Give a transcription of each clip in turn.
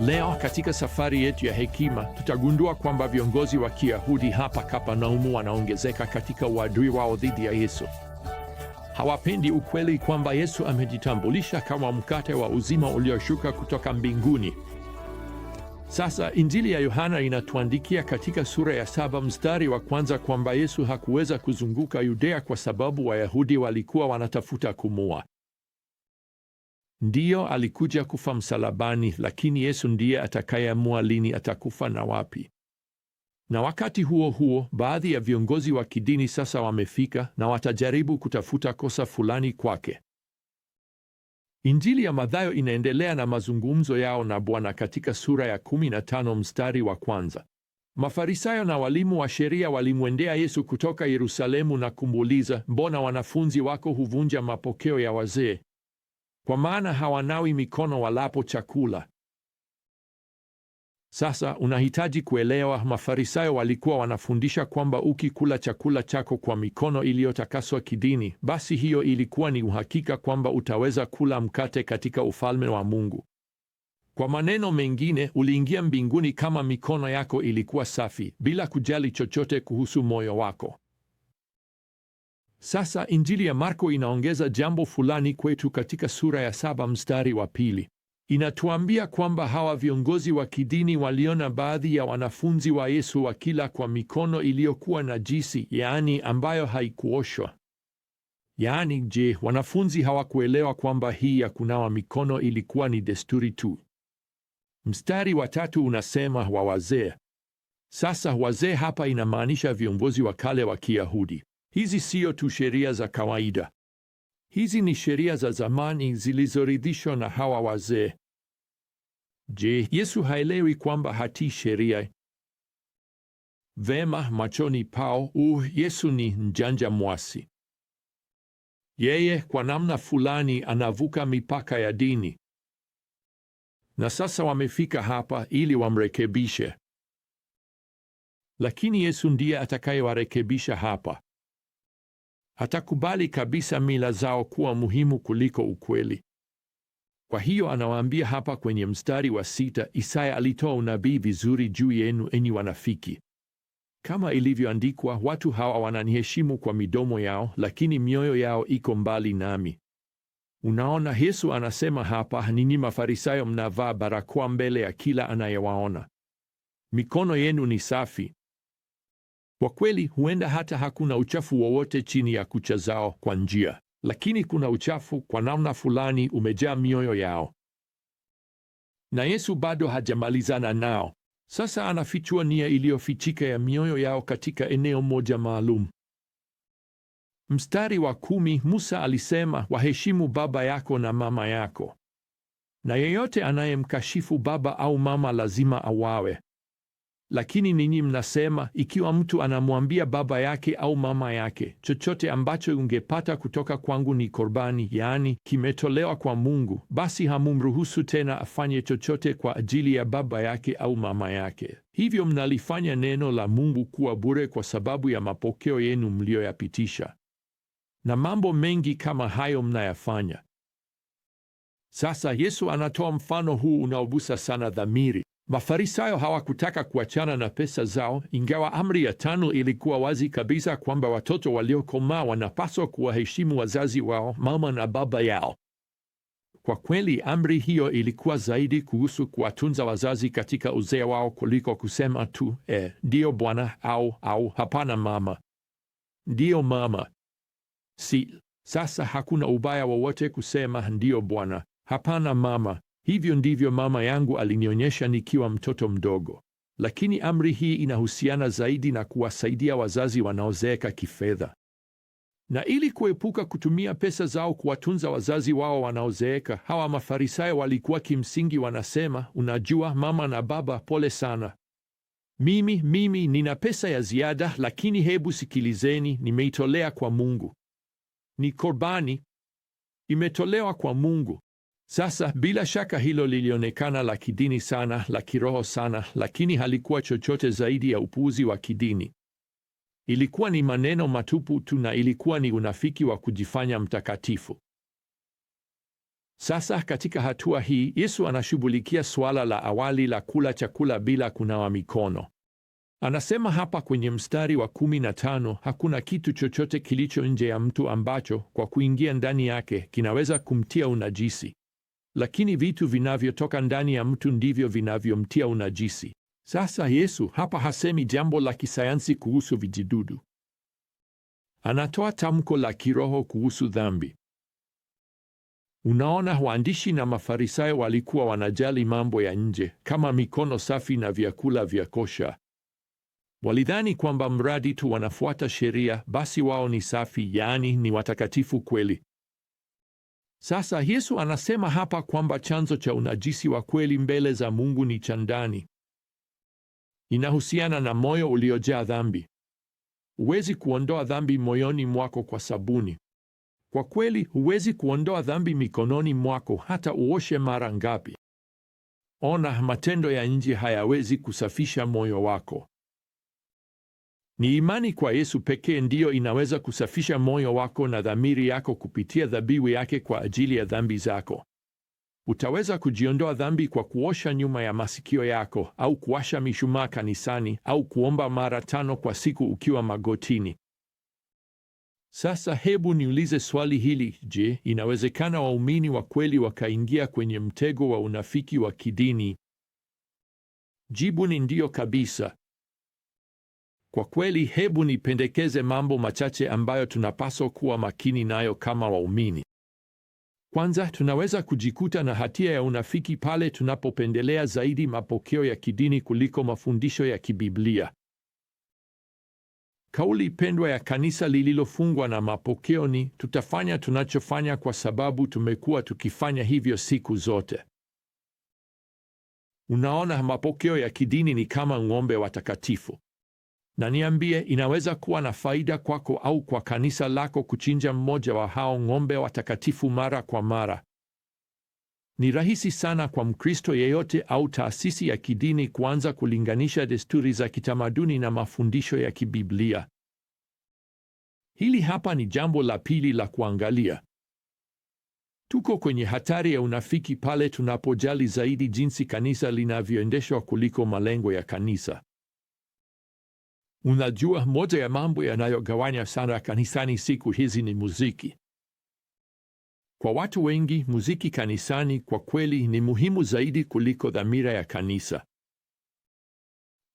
Leo katika safari yetu ya hekima tutagundua kwamba viongozi wa Kiyahudi hapa kapanaumu wanaongezeka katika uadui wao dhidi ya Yesu. Hawapendi ukweli kwamba Yesu amejitambulisha kama mkate wa uzima ulioshuka kutoka mbinguni. Sasa Injili ya Yohana inatuandikia katika sura ya saba mstari wa kwanza kwamba Yesu hakuweza kuzunguka Yudea kwa sababu Wayahudi walikuwa wanatafuta kumua. Ndiyo, alikuja kufa msalabani, lakini Yesu ndiye atakayeamua lini atakufa na wapi. Na wakati huo huo, baadhi ya viongozi wa kidini sasa wamefika na watajaribu kutafuta kosa fulani kwake. Injili ya Mathayo inaendelea na mazungumzo yao na Bwana katika sura ya 15 mstari wa kwanza. Mafarisayo na walimu wa sheria walimwendea Yesu kutoka Yerusalemu na kumuuliza, mbona wanafunzi wako huvunja mapokeo ya wazee? kwa maana hawanawi mikono walapo chakula. Sasa unahitaji kuelewa, Mafarisayo walikuwa wanafundisha kwamba ukikula chakula chako kwa mikono iliyotakaswa kidini, basi hiyo ilikuwa ni uhakika kwamba utaweza kula mkate katika ufalme wa Mungu. Kwa maneno mengine, uliingia mbinguni kama mikono yako ilikuwa safi, bila kujali chochote kuhusu moyo wako. Sasa Injili ya Marko inaongeza jambo fulani kwetu katika sura ya saba mstari wa pili. Inatuambia kwamba hawa viongozi wa kidini waliona baadhi ya wanafunzi wa Yesu wakila kwa mikono iliyokuwa najisi, yaani ambayo haikuoshwa. Yaani, je, wanafunzi hawakuelewa kwamba hii ya kunawa mikono ilikuwa ni desturi tu? Mstari wa tatu unasema wa wazee. Sasa wazee hapa inamaanisha viongozi wa kale wa Kiyahudi Hizi siyo tu sheria za kawaida. Hizi ni sheria za zamani zilizoridhishwa na hawa wazee. Je, Yesu haelewi kwamba hatii sheria? Vema, machoni pao u uh, Yesu ni mjanja mwasi. Yeye kwa namna fulani anavuka mipaka ya dini, na sasa wamefika hapa ili wamrekebishe, lakini Yesu ndiye atakayewarekebisha hapa hatakubali kabisa mila zao kuwa muhimu kuliko ukweli. Kwa hiyo anawaambia hapa kwenye mstari wa sita, Isaya alitoa unabii vizuri juu yenu, enyi wanafiki. Kama ilivyoandikwa, watu hawa wananiheshimu kwa midomo yao, lakini mioyo yao iko mbali nami. Unaona, Yesu anasema hapa, ninyi Mafarisayo mnavaa barakoa mbele ya kila anayewaona, mikono yenu ni safi kwa kweli, huenda hata hakuna uchafu wowote chini ya kucha zao kwa njia, lakini kuna uchafu kwa namna fulani umejaa mioyo yao, na Yesu bado hajamalizana nao. Sasa anafichua nia iliyofichika ya mioyo yao katika eneo moja maalum. Mstari wa kumi, Musa alisema, waheshimu baba yako na mama yako, na yeyote anayemkashifu baba au mama lazima awawe. Lakini ninyi mnasema, ikiwa mtu anamwambia baba yake au mama yake, chochote ambacho ungepata kutoka kwangu ni korbani, yaani kimetolewa kwa Mungu, basi hamumruhusu tena afanye chochote kwa ajili ya baba yake au mama yake. Hivyo mnalifanya neno la Mungu kuwa bure kwa sababu ya mapokeo yenu mliyoyapitisha, na mambo mengi kama hayo mnayafanya. Sasa Yesu anatoa mfano huu unaogusa sana dhamiri. Mafarisayo hawakutaka kuachana na pesa zao, ingawa amri ya tano ilikuwa wazi kabisa kwamba watoto waliokomaa wanapaswa kuwaheshimu wazazi wao, mama na baba yao. Kwa kweli, amri hiyo ilikuwa zaidi kuhusu kuwatunza wazazi katika uzee wao kuliko kusema tu eh, ndiyo bwana au au hapana mama, ndiyo mama. Si sasa, hakuna ubaya wowote kusema ndiyo bwana, hapana mama. Hivyo ndivyo mama yangu alinionyesha nikiwa mtoto mdogo, lakini amri hii inahusiana zaidi na kuwasaidia wazazi wanaozeeka kifedha na ili kuepuka kutumia pesa zao kuwatunza wazazi wao wanaozeeka. Hawa Mafarisayo walikuwa kimsingi wanasema, unajua mama na baba, pole sana, mimi mimi nina pesa ya ziada, lakini hebu sikilizeni, nimeitolea kwa Mungu, ni korbani, imetolewa kwa Mungu. Sasa bila shaka hilo lilionekana la kidini sana, la kiroho sana, lakini halikuwa chochote zaidi ya upuuzi wa kidini. Ilikuwa ni maneno matupu tu na ilikuwa ni unafiki wa kujifanya mtakatifu. Sasa katika hatua hii Yesu anashughulikia suala la awali la kula chakula bila kunawa mikono. Anasema hapa kwenye mstari wa kumi na tano, hakuna kitu chochote kilicho nje ya mtu ambacho kwa kuingia ndani yake kinaweza kumtia unajisi lakini vitu vinavyotoka ndani ya mtu ndivyo vinavyomtia unajisi. Sasa Yesu hapa hasemi jambo la kisayansi kuhusu vijidudu. Anatoa tamko la kiroho kuhusu dhambi. Unaona, waandishi na Mafarisayo walikuwa wanajali mambo ya nje kama mikono safi na vyakula vya kosha. Walidhani kwamba mradi tu wanafuata sheria, basi wao ni safi, yaani ni watakatifu kweli. Sasa Yesu anasema hapa kwamba chanzo cha unajisi wa kweli mbele za Mungu ni cha ndani. Inahusiana na moyo uliojaa dhambi. Huwezi kuondoa dhambi moyoni mwako kwa sabuni. Kwa kweli, huwezi kuondoa dhambi mikononi mwako hata uoshe mara ngapi. Ona, matendo ya nje hayawezi kusafisha moyo wako. Ni imani kwa Yesu pekee ndiyo inaweza kusafisha moyo wako na dhamiri yako kupitia dhabihu yake kwa ajili ya dhambi zako. Utaweza kujiondoa dhambi kwa kuosha nyuma ya masikio yako au kuwasha mishumaa kanisani au kuomba mara tano kwa siku ukiwa magotini. Sasa hebu niulize swali hili: je, inawezekana waumini wa kweli wakaingia kwenye mtego wa unafiki wa kidini? Jibu ni ndiyo kabisa. Kwa kweli, hebu nipendekeze mambo machache ambayo tunapaswa kuwa makini nayo kama waumini. Kwanza, tunaweza kujikuta na hatia ya unafiki pale tunapopendelea zaidi mapokeo ya kidini kuliko mafundisho ya kibiblia. Kauli pendwa ya kanisa lililofungwa na mapokeo ni tutafanya tunachofanya kwa sababu tumekuwa tukifanya hivyo siku zote. Unaona, mapokeo ya kidini ni kama ng'ombe watakatifu na niambie, inaweza kuwa na faida kwako au kwa kanisa lako kuchinja mmoja wa hao ng'ombe watakatifu mara kwa mara. Ni rahisi sana kwa Mkristo yeyote au taasisi ya kidini kuanza kulinganisha desturi za kitamaduni na mafundisho ya kibiblia. Hili hapa ni jambo la pili la kuangalia. Tuko kwenye hatari ya unafiki pale tunapojali zaidi jinsi kanisa linavyoendeshwa kuliko malengo ya kanisa. Unajua, moja ya mambo yanayogawanya sana kanisani siku hizi ni muziki. Kwa watu wengi, muziki kanisani kwa kweli ni muhimu zaidi kuliko dhamira ya kanisa.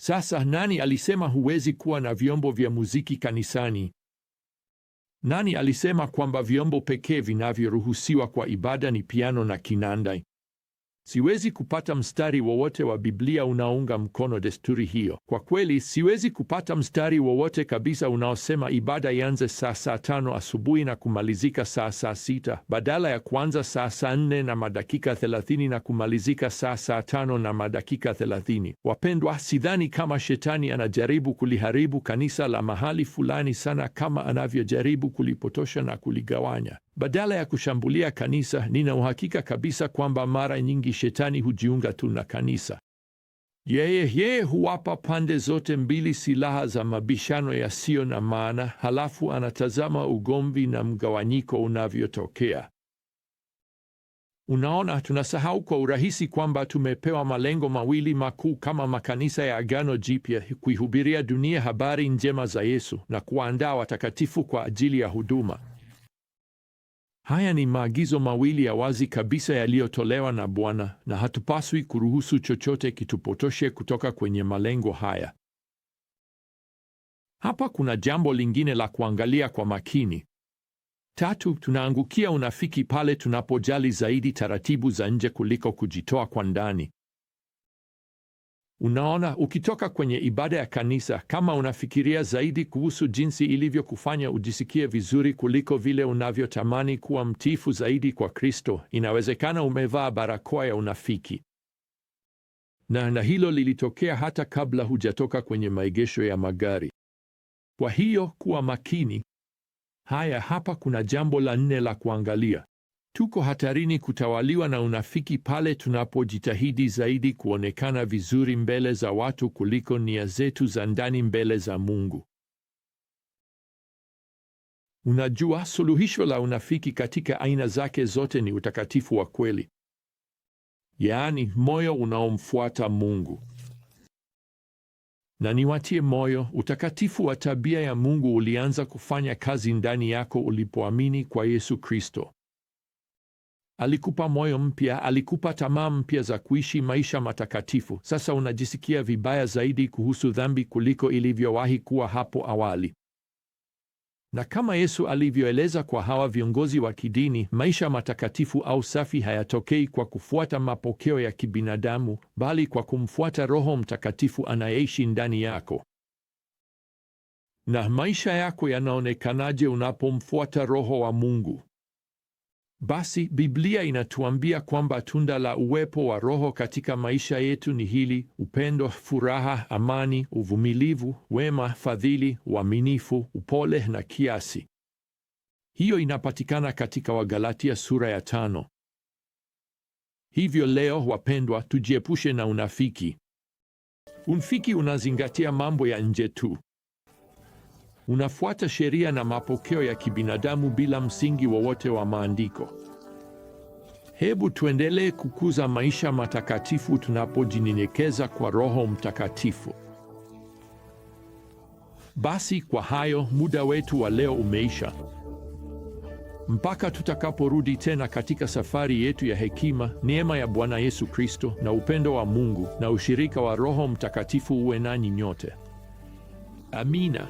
Sasa, nani alisema huwezi kuwa na vyombo vya muziki kanisani? Nani alisema kwamba vyombo pekee vinavyoruhusiwa kwa ibada ni piano na kinanda? Siwezi kupata mstari wowote wa Biblia unaounga mkono desturi hiyo. Kwa kweli, siwezi kupata mstari wowote kabisa unaosema ibada ianze saa saa tano asubuhi na kumalizika saa saa sita badala ya kuanza saa saa nne na madakika thelathini na kumalizika saa saa tano na madakika thelathini. Wapendwa, sidhani kama shetani anajaribu kuliharibu kanisa la mahali fulani sana kama anavyojaribu kulipotosha na kuligawanya. Badala ya kushambulia kanisa, nina uhakika kabisa kwamba mara nyingi shetani hujiunga tu na kanisa. Yeye yeye huwapa pande zote mbili silaha za mabishano yasiyo na maana, halafu anatazama ugomvi na mgawanyiko unavyotokea. Unaona, tunasahau kwa urahisi kwamba tumepewa malengo mawili makuu kama makanisa ya Agano Jipya: kuihubiria dunia habari njema za Yesu na kuwaandaa watakatifu kwa ajili ya huduma. Haya ni maagizo mawili ya wazi kabisa yaliyotolewa na Bwana, na hatupaswi kuruhusu chochote kitupotoshe kutoka kwenye malengo haya. Hapa kuna jambo lingine la kuangalia kwa makini. Tatu, tunaangukia unafiki pale tunapojali zaidi taratibu za nje kuliko kujitoa kwa ndani. Unaona, ukitoka kwenye ibada ya kanisa, kama unafikiria zaidi kuhusu jinsi ilivyokufanya ujisikie vizuri kuliko vile unavyotamani kuwa mtifu zaidi kwa Kristo, inawezekana umevaa barakoa ya unafiki. Na na hilo lilitokea hata kabla hujatoka kwenye maegesho ya magari. Kwa hiyo kuwa makini. Haya, hapa kuna jambo la nne la kuangalia. Tuko hatarini kutawaliwa na unafiki pale tunapojitahidi zaidi kuonekana vizuri mbele za watu kuliko nia zetu za ndani mbele za Mungu. Unajua, suluhisho la unafiki katika aina zake zote ni utakatifu wa kweli, yaani moyo unaomfuata Mungu. Na niwatie moyo, utakatifu wa tabia ya Mungu ulianza kufanya kazi ndani yako ulipoamini kwa Yesu Kristo. Alikupa moyo mpya, alikupa tamaa mpya za kuishi maisha matakatifu. Sasa unajisikia vibaya zaidi kuhusu dhambi kuliko ilivyowahi kuwa hapo awali. Na kama Yesu alivyoeleza kwa hawa viongozi wa kidini, maisha matakatifu au safi hayatokei kwa kufuata mapokeo ya kibinadamu, bali kwa kumfuata Roho Mtakatifu anayeishi ndani yako. Na maisha yako yanaonekanaje unapomfuata Roho wa Mungu? Basi Biblia inatuambia kwamba tunda la uwepo wa Roho katika maisha yetu ni hili: upendo, furaha, amani, uvumilivu, wema, fadhili, uaminifu, upole na kiasi. Hiyo inapatikana katika Wagalatia sura ya tano. Hivyo leo, wapendwa, tujiepushe na unafiki. Unafiki unazingatia mambo ya nje tu unafuata sheria na mapokeo ya kibinadamu bila msingi wowote wa, wa maandiko. Hebu tuendelee kukuza maisha matakatifu tunapojinyenyekeza kwa Roho Mtakatifu. Basi kwa hayo, muda wetu wa leo umeisha. Mpaka tutakaporudi tena katika safari yetu ya hekima, neema ya Bwana Yesu Kristo na upendo wa Mungu na ushirika wa Roho Mtakatifu uwe nanyi nyote. Amina.